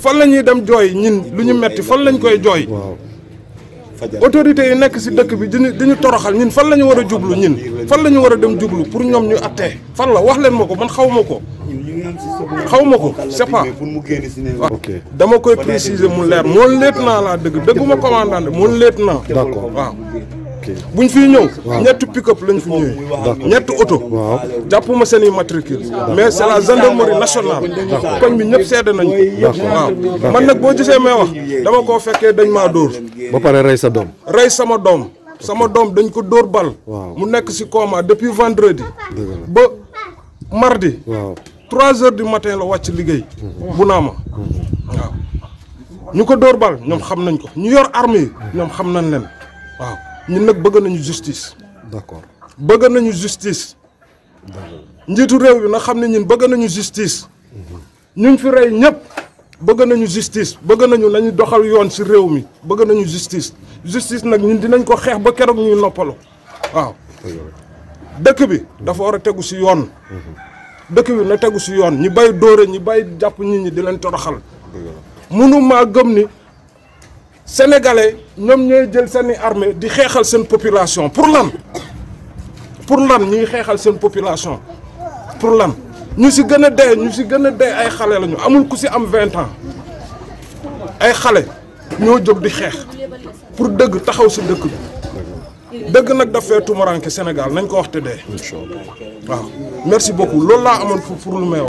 fan la ñuy dem jooy ñin lu ñu metti fan lañ koy jooy autorités yi nekk si dëkk bi diñu di toroxal ñin fan la ñu war a jublu ñin fan la ñu war a dem jublu pour ñoom ñu attee fan la wax leen ma ko man xaw ma ko xaw ma ko c'est pas dama koy préciser mu leer moo leet naa laa dëgg dëgguma commandant moo leet naa d'accord waaw bu buñ fiy ñëw ñetti pick-up lañ fi ñëwee ñetti oto jàppuma seen i matricule mais c'est la gendarmerie nationale koñ bi ñëpp seede nañ man nag boo gisee dama koo fekkee dañ maa dóor ba pare rey sa doom rey sama doom sama doom dañ ko dóor bal mu nekk si coma depuis vendredi ba mardi trois heures du matin wàcc liggéey mhm. bu naa mhm. ñu ko dóor bal ñoom xam nañ ko ñu yor arme yi ñoom xam nañ leen waaw ñun nag bëgg nañu justice. d'accord bëgg nañu justice. njiitu réew bi nag xam ne ñun bëgg nañu justice. ñun fi rey ñëpp bëgg nañu justice bëgg nañu nañu doxal yoon ci réew mi bëgg nañu justice justice nag ñun dinañ ko xeex ba keroog ñuy noppalu waaw. dëkk bi dafa war a tegu ci yoon. dëkk bi na tegu ci yoon ñi bay dóore ñi bay jàpp nit ñi di leen toroxal. mënu maa gëm ni sénégalais ñoom ñooy jël seeni armée di xeexal seen population pour lan pour lan ñuy xeexal seen population pour lan ñu si gën a dee ñu si gën a dee ay xale lañu amul ku si am vingt ans ay xale ñoo jóg di xeex pour dëgg taxaw si dëkk bi dëgg nag daf fee tumuranke Sénégal nañ ko wax te dee waaw merci beaucoup loolu laa amoon pour pour lu may